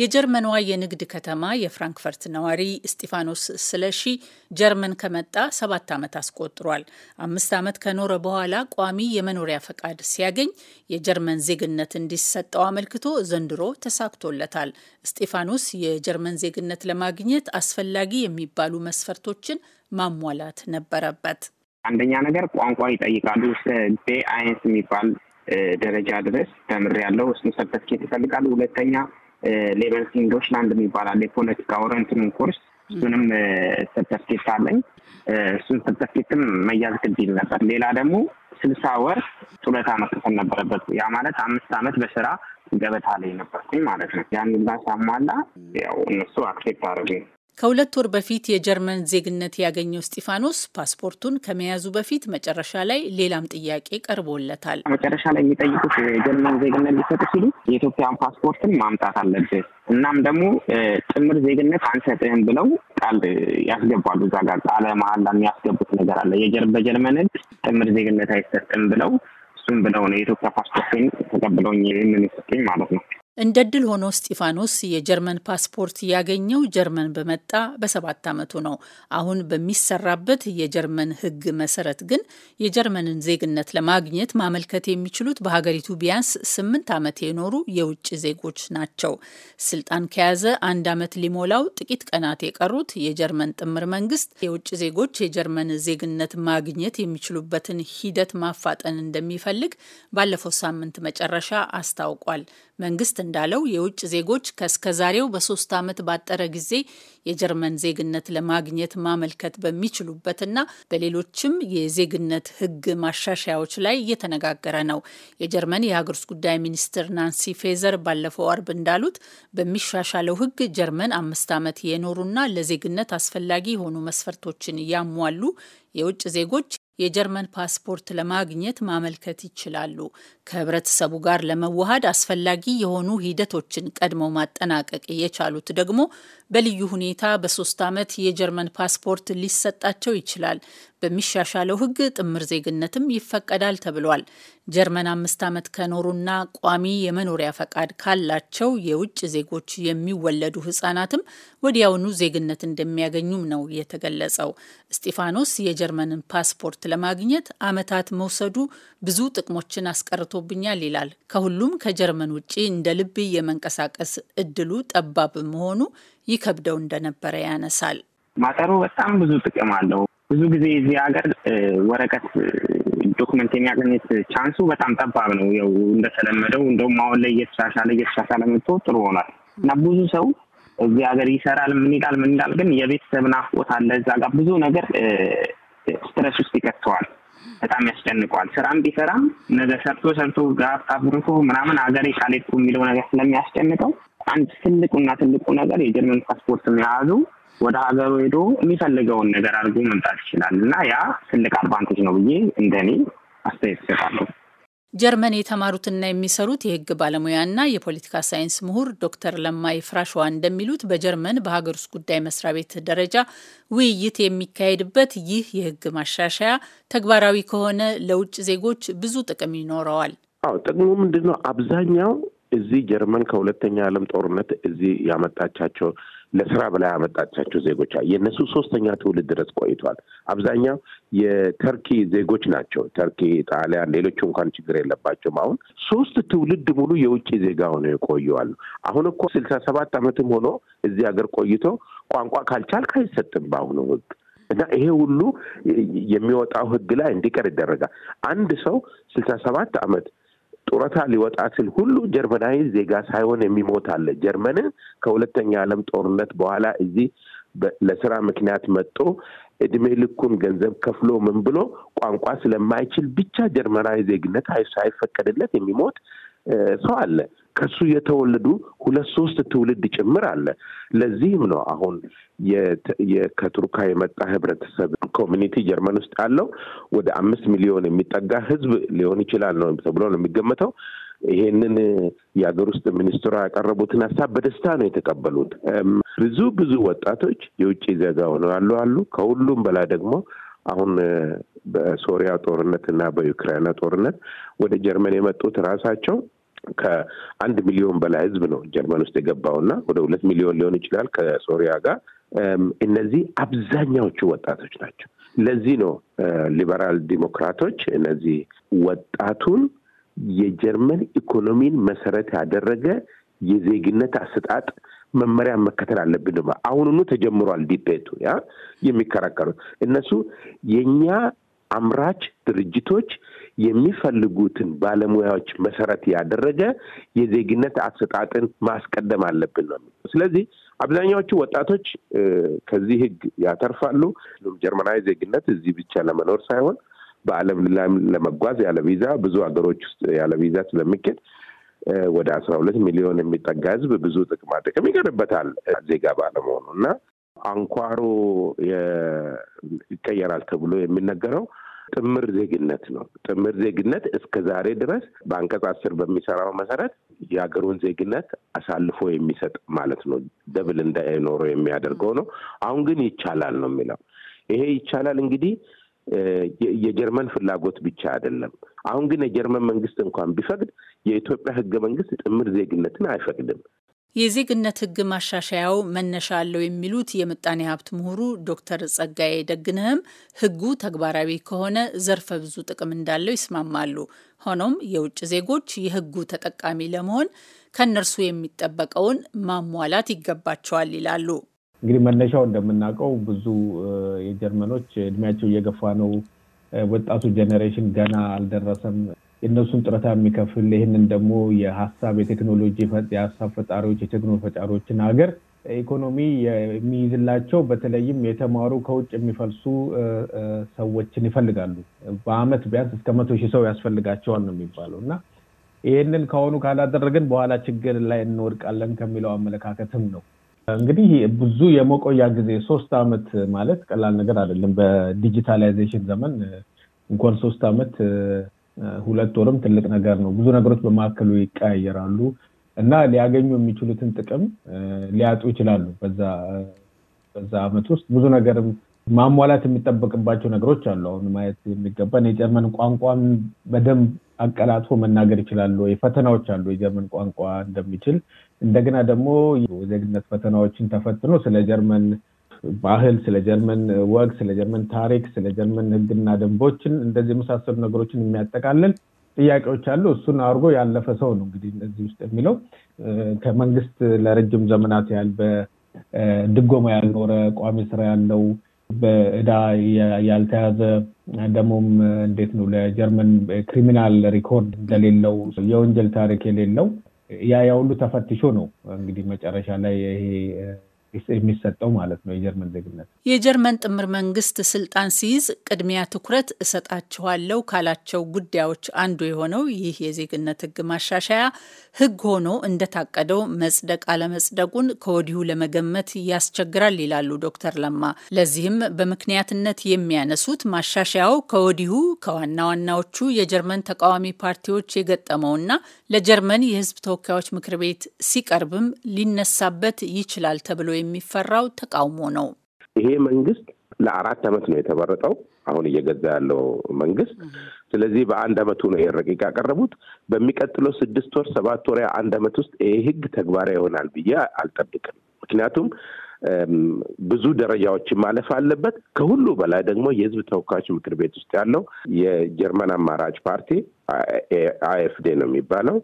የጀርመኗ የንግድ ከተማ የፍራንክፈርት ነዋሪ እስጢፋኖስ ስለሺ ጀርመን ከመጣ ሰባት ዓመት አስቆጥሯል። አምስት ዓመት ከኖረ በኋላ ቋሚ የመኖሪያ ፈቃድ ሲያገኝ የጀርመን ዜግነት እንዲሰጠው አመልክቶ ዘንድሮ ተሳክቶለታል። እስጢፋኖስ የጀርመን ዜግነት ለማግኘት አስፈላጊ የሚባሉ መስፈርቶችን ማሟላት ነበረበት። አንደኛ ነገር ቋንቋ ይጠይቃሉ። ቤአይንስ የሚባል ደረጃ ድረስ ተምሬያለሁ። እሱን ሰርተፍኬት ይፈልጋሉ። ሁለተኛ ሌቨል ሲንዶች ላንድ የሚባላል የፖለቲካ ኦረንትን ኮርስ እሱንም ሰርተፍኬት አለኝ። እሱን ሰርተፍኬትም መያዝ ግድ ይል ነበር። ሌላ ደግሞ ስልሳ ወር ጡረታ መክፈል ነበረበት። ያ ማለት አምስት አመት በስራ ገበታ ላይ ነበርኩኝ ማለት ነው። ያን ሁላ ሳሟላ ያው እነሱ አክሴፕት አደረጉኝ። ከሁለት ወር በፊት የጀርመን ዜግነት ያገኘው ስጢፋኖስ ፓስፖርቱን ከመያዙ በፊት መጨረሻ ላይ ሌላም ጥያቄ ቀርቦለታል። መጨረሻ ላይ የሚጠይቁት የጀርመን ዜግነት ሊሰጥ ሲሉ የኢትዮጵያን ፓስፖርትን ማምጣት አለብህ፣ እናም ደግሞ ጥምር ዜግነት አንሰጥህም ብለው ቃል ያስገባሉ። እዛ ጋር ቃለ መሀላ የሚያስገቡት ነገር አለ። በጀርመን ሕግ ጥምር ዜግነት አይሰጥም ብለው እሱም ብለው ነው የኢትዮጵያ ፓስፖርትን ተቀብለውኝ የምን ማለት ነው እንደ ድል ሆኖ ስጢፋኖስ የጀርመን ፓስፖርት ያገኘው ጀርመን በመጣ በሰባት ዓመቱ ነው። አሁን በሚሰራበት የጀርመን ሕግ መሰረት ግን የጀርመንን ዜግነት ለማግኘት ማመልከት የሚችሉት በሀገሪቱ ቢያንስ ስምንት ዓመት የኖሩ የውጭ ዜጎች ናቸው። ስልጣን ከያዘ አንድ ዓመት ሊሞላው ጥቂት ቀናት የቀሩት የጀርመን ጥምር መንግስት የውጭ ዜጎች የጀርመን ዜግነት ማግኘት የሚችሉበትን ሂደት ማፋጠን እንደሚፈልግ ባለፈው ሳምንት መጨረሻ አስታውቋል። መንግስት እንዳለው የውጭ ዜጎች ከስከዛሬው በሶስት ዓመት ባጠረ ጊዜ የጀርመን ዜግነት ለማግኘት ማመልከት በሚችሉበትና በሌሎችም የዜግነት ሕግ ማሻሻያዎች ላይ እየተነጋገረ ነው። የጀርመን የሀገር ውስጥ ጉዳይ ሚኒስትር ናንሲ ፌዘር ባለፈው አርብ እንዳሉት በሚሻሻለው ሕግ ጀርመን አምስት ዓመት የኖሩና ለዜግነት አስፈላጊ የሆኑ መስፈርቶችን ያሟሉ የውጭ ዜጎች የጀርመን ፓስፖርት ለማግኘት ማመልከት ይችላሉ። ከህብረተሰቡ ጋር ለመዋሃድ አስፈላጊ የሆኑ ሂደቶችን ቀድመው ማጠናቀቅ የቻሉት ደግሞ በልዩ ሁኔታ በሶስት ዓመት የጀርመን ፓስፖርት ሊሰጣቸው ይችላል። በሚሻሻለው ህግ ጥምር ዜግነትም ይፈቀዳል ተብሏል። ጀርመን አምስት ዓመት ከኖሩና ቋሚ የመኖሪያ ፈቃድ ካላቸው የውጭ ዜጎች የሚወለዱ ህጻናትም ወዲያውኑ ዜግነት እንደሚያገኙም ነው የተገለጸው። እስጢፋኖስ የጀርመንን ፓስፖርት ለማግኘት ዓመታት መውሰዱ ብዙ ጥቅሞችን አስቀርቶብኛል ይላል። ከሁሉም ከጀርመን ውጭ እንደ ልብ የመንቀሳቀስ እድሉ ጠባብ መሆኑ ይከብደው እንደነበረ ያነሳል። ማጠሩ በጣም ብዙ ጥቅም አለው። ብዙ ጊዜ እዚህ ሀገር ወረቀት ዶክመንት የሚያገኘት ቻንሱ በጣም ጠባብ ነው። ያው እንደተለመደው እንደውም አሁን ላይ እየተሻሻለ እየተሻሻለ መጥቶ ጥሩ ሆኗል እና ብዙ ሰው እዚህ ሀገር ይሰራል፣ ምን ይላል፣ ምን ይላል። ግን የቤተሰብ ናፍቆት አለ። እዛ ጋር ብዙ ነገር ስትረስ ውስጥ ይከተዋል፣ በጣም ያስጨንቀዋል። ስራም ቢሰራም ነገ ሰርቶ ሰርቶ ጋር ታብርፎ ምናምን ሀገሬ ካልሄድኩ የሚለው ነገር ስለሚያስጨንቀው አንድ ትልቁና ትልቁ ነገር የጀርመን ፓስፖርት የያዙ ወደ ሀገሩ ሄዶ የሚፈልገውን ነገር አድርጎ መምጣት ይችላል እና ያ ትልቅ አድቫንቴጅ ነው ብዬ እንደኔ አስተያየት ይሰጣለሁ። ጀርመን የተማሩትና የሚሰሩት ባለሙያ ባለሙያና የፖለቲካ ሳይንስ ምሁር ዶክተር ለማይ ፍራሽዋ እንደሚሉት በጀርመን በሀገር ውስጥ ጉዳይ መስሪያ ቤት ደረጃ ውይይት የሚካሄድበት ይህ የህግ ማሻሻያ ተግባራዊ ከሆነ ለውጭ ዜጎች ብዙ ጥቅም ይኖረዋል። አዎ ጥቅሙ ምንድን ነው? አብዛኛው እዚህ ጀርመን ከሁለተኛ ዓለም ጦርነት እዚህ ያመጣቻቸው ለስራ በላይ ያመጣቻቸው ዜጎች የእነሱ ሶስተኛ ትውልድ ድረስ ቆይቷል። አብዛኛው የተርኪ ዜጎች ናቸው። ተርኪ፣ ጣሊያን፣ ሌሎቹ እንኳን ችግር የለባቸውም። አሁን ሶስት ትውልድ ሙሉ የውጭ ዜጋ ሆነው የቆየዋሉ። አሁን እኮ ስልሳ ሰባት አመትም ሆኖ እዚህ ሀገር ቆይቶ ቋንቋ ካልቻልክ አይሰጥም በአሁኑ ህግ እና ይሄ ሁሉ የሚወጣው ህግ ላይ እንዲቀር ይደረጋል። አንድ ሰው ስልሳ ሰባት ዓመት ጡረታ ሊወጣ ስል ሁሉ ጀርመናዊ ዜጋ ሳይሆን የሚሞት አለ። ጀርመንን ከሁለተኛ ዓለም ጦርነት በኋላ እዚህ ለስራ ምክንያት መጥቶ እድሜ ልኩን ገንዘብ ከፍሎ ምን ብሎ ቋንቋ ስለማይችል ብቻ ጀርመናዊ ዜግነት ሳይፈቀድለት የሚሞት ሰው አለ። ከሱ የተወለዱ ሁለት ሶስት ትውልድ ጭምር አለ። ለዚህም ነው አሁን ከቱርካ የመጣ ህብረተሰብ ኮሚኒቲ ጀርመን ውስጥ ያለው ወደ አምስት ሚሊዮን የሚጠጋ ህዝብ ሊሆን ይችላል ነው ተብሎ ነው የሚገመተው። ይሄንን የሀገር ውስጥ ሚኒስትሯ ያቀረቡትን ሀሳብ በደስታ ነው የተቀበሉት። ብዙ ብዙ ወጣቶች የውጭ ዜጋ ሆነው ያሉ አሉ። ከሁሉም በላይ ደግሞ አሁን በሶሪያ ጦርነት እና በዩክራይና ጦርነት ወደ ጀርመን የመጡት ራሳቸው ከአንድ ሚሊዮን በላይ ህዝብ ነው ጀርመን ውስጥ የገባውና ወደ ሁለት ሚሊዮን ሊሆን ይችላል ከሶሪያ ጋር። እነዚህ አብዛኛዎቹ ወጣቶች ናቸው። ለዚህ ነው ሊበራል ዲሞክራቶች እነዚህ ወጣቱን የጀርመን ኢኮኖሚን መሰረት ያደረገ የዜግነት አሰጣጥ መመሪያ መከተል አለብን። አሁኑኑ ተጀምሯል ዲቤቱ ያ የሚከራከሩት እነሱ የእኛ አምራች ድርጅቶች የሚፈልጉትን ባለሙያዎች መሰረት ያደረገ የዜግነት አሰጣጥን ማስቀደም አለብን ነው። ስለዚህ አብዛኛዎቹ ወጣቶች ከዚህ ህግ ያተርፋሉ። ጀርመናዊ ዜግነት እዚህ ብቻ ለመኖር ሳይሆን በዓለም ለመጓዝ ያለ ቪዛ ብዙ ሀገሮች ውስጥ ያለ ቪዛ ስለሚኬድ ወደ አስራ ሁለት ሚሊዮን የሚጠጋ ህዝብ ብዙ ጥቅማ ጥቅም ይገርበታል ዜጋ ባለመሆኑ እና አንኳሮ ይቀየራል ተብሎ የሚነገረው ጥምር ዜግነት ነው። ጥምር ዜግነት እስከ ዛሬ ድረስ በአንቀጽ አስር በሚሰራው መሰረት የሀገሩን ዜግነት አሳልፎ የሚሰጥ ማለት ነው። ደብል እንዳይኖረው የሚያደርገው ነው። አሁን ግን ይቻላል ነው የሚለው። ይሄ ይቻላል እንግዲህ የጀርመን ፍላጎት ብቻ አይደለም። አሁን ግን የጀርመን መንግስት እንኳን ቢፈቅድ የኢትዮጵያ ህገ መንግስት ጥምር ዜግነትን አይፈቅድም። የዜግነት ሕግ ማሻሻያው መነሻ አለው የሚሉት የምጣኔ ሀብት ምሁሩ ዶክተር ጸጋዬ ደግነህም ሕጉ ተግባራዊ ከሆነ ዘርፈ ብዙ ጥቅም እንዳለው ይስማማሉ። ሆኖም የውጭ ዜጎች የሕጉ ተጠቃሚ ለመሆን ከእነርሱ የሚጠበቀውን ማሟላት ይገባቸዋል ይላሉ። እንግዲህ መነሻው እንደምናውቀው ብዙ የጀርመኖች እድሜያቸው እየገፋ ነው፣ ወጣቱ ጄኔሬሽን ገና አልደረሰም የእነሱን ጥረታ የሚከፍል ይህንን ደግሞ የሀሳብ የቴክኖሎጂ የሀሳብ ፈጣሪዎች የቴክኖ ፈጣሪዎችን ሀገር ኢኮኖሚ የሚይዝላቸው በተለይም የተማሩ ከውጭ የሚፈልሱ ሰዎችን ይፈልጋሉ። በአመት ቢያንስ እስከ መቶ ሺህ ሰው ያስፈልጋቸዋል ነው የሚባለው እና ይህንን ከአሁኑ ካላደረግን በኋላ ችግር ላይ እንወድቃለን ከሚለው አመለካከትም ነው። እንግዲህ ብዙ የመቆያ ጊዜ ሶስት አመት ማለት ቀላል ነገር አይደለም። በዲጂታላይዜሽን ዘመን እንኳን ሶስት አመት ሁለት ወርም ትልቅ ነገር ነው። ብዙ ነገሮች በመካከሉ ይቀያየራሉ እና ሊያገኙ የሚችሉትን ጥቅም ሊያጡ ይችላሉ። በዛ አመት ውስጥ ብዙ ነገር ማሟላት የሚጠበቅባቸው ነገሮች አሉ። አሁን ማየት የሚገባን የጀርመን ቋንቋን በደንብ አቀላጥፎ መናገር ይችላሉ። ፈተናዎች አሉ የጀርመን ቋንቋ እንደሚችል እንደገና ደግሞ የዜግነት ፈተናዎችን ተፈትኖ ስለ ጀርመን ባህል፣ ስለ ጀርመን ወግ፣ ስለ ጀርመን ታሪክ፣ ስለ ጀርመን ህግና ደንቦችን እንደዚህ የመሳሰሉ ነገሮችን የሚያጠቃልል ጥያቄዎች አሉ። እሱን አድርጎ ያለፈ ሰው ነው እንግዲህ እዚህ ውስጥ የሚለው ከመንግስት ለረጅም ዘመናት ያህል በድጎማ ያልኖረ ቋሚ ስራ ያለው በእዳ ያልተያዘ ደግሞም እንዴት ነው ለጀርመን ክሪሚናል ሪኮርድ እንደሌለው የወንጀል ታሪክ የሌለው ያ ሁሉ ተፈትሾ ነው እንግዲህ መጨረሻ ላይ ይሄ የሚሰጠው ማለት ነው የጀርመን ዜግነት። የጀርመን ጥምር መንግስት ስልጣን ሲይዝ ቅድሚያ ትኩረት እሰጣችኋለሁ ካላቸው ጉዳዮች አንዱ የሆነው ይህ የዜግነት ህግ ማሻሻያ ህግ ሆኖ እንደታቀደው መጽደቅ አለመጽደቁን ከወዲሁ ለመገመት ያስቸግራል ይላሉ ዶክተር ለማ። ለዚህም በምክንያትነት የሚያነሱት ማሻሻያው ከወዲሁ ከዋና ዋናዎቹ የጀርመን ተቃዋሚ ፓርቲዎች የገጠመውና ለጀርመን የህዝብ ተወካዮች ምክር ቤት ሲቀርብም ሊነሳበት ይችላል ተብሎ የሚፈራው ተቃውሞ ነው። ይሄ መንግስት ለአራት ዓመት ነው የተመረጠው አሁን እየገዛ ያለው መንግስት። ስለዚህ በአንድ አመቱ ነው ይሄን ረቂቅ ያቀረቡት። በሚቀጥለው ስድስት ወር ሰባት ወር አንድ ዓመት ውስጥ ይሄ ህግ ተግባራዊ ይሆናል ብዬ አልጠብቅም። ምክንያቱም ብዙ ደረጃዎችን ማለፍ አለበት። ከሁሉ በላይ ደግሞ የህዝብ ተወካዮች ምክር ቤት ውስጥ ያለው የጀርመን አማራጭ ፓርቲ አኤፍዴ ነው የሚባለው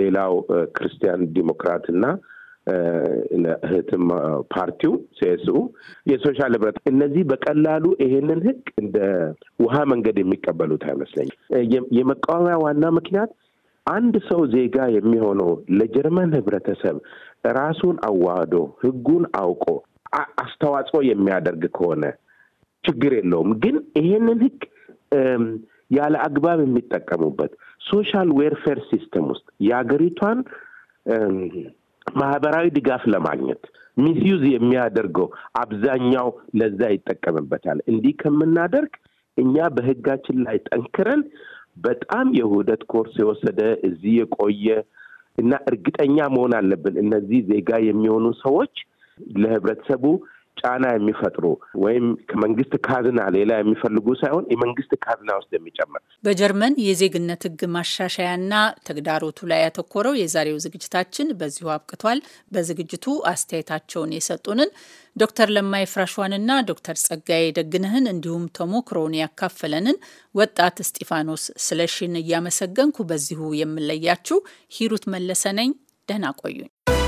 ሌላው ክርስቲያን ዲሞክራት እና እህትም ፓርቲው ሲስኡ የሶሻል ህብረት እነዚህ በቀላሉ ይሄንን ህግ እንደ ውሃ መንገድ የሚቀበሉት አይመስለኝም። የመቃወሚያ ዋና ምክንያት አንድ ሰው ዜጋ የሚሆነው ለጀርመን ህብረተሰብ ራሱን አዋህዶ ህጉን አውቆ አስተዋጽኦ የሚያደርግ ከሆነ ችግር የለውም። ግን ይሄንን ህግ ያለ አግባብ የሚጠቀሙበት ሶሻል ዌርፌር ሲስተም ውስጥ የሀገሪቷን ማህበራዊ ድጋፍ ለማግኘት ሚስዩዝ የሚያደርገው አብዛኛው ለዛ ይጠቀምበታል። እንዲህ ከምናደርግ እኛ በህጋችን ላይ ጠንክረን በጣም የውህደት ኮርስ የወሰደ እዚህ የቆየ እና እርግጠኛ መሆን አለብን እነዚህ ዜጋ የሚሆኑ ሰዎች ለህብረተሰቡ ጫና የሚፈጥሩ ወይም ከመንግስት ካዝና ሌላ የሚፈልጉ ሳይሆን የመንግስት ካዝና ውስጥ የሚጨምር በጀርመን የዜግነት ህግ ማሻሻያና ተግዳሮቱ ላይ ያተኮረው የዛሬው ዝግጅታችን በዚሁ አብቅቷል። በዝግጅቱ አስተያየታቸውን የሰጡንን ዶክተር ለማይ ፍራሿንና ዶክተር ጸጋዬ ደግነህን እንዲሁም ተሞክሮውን ያካፈለንን ወጣት እስጢፋኖስ ስለሽን እያመሰገንኩ በዚሁ የምለያችሁ ሂሩት መለሰ ነኝ። ደህና ቆዩኝ።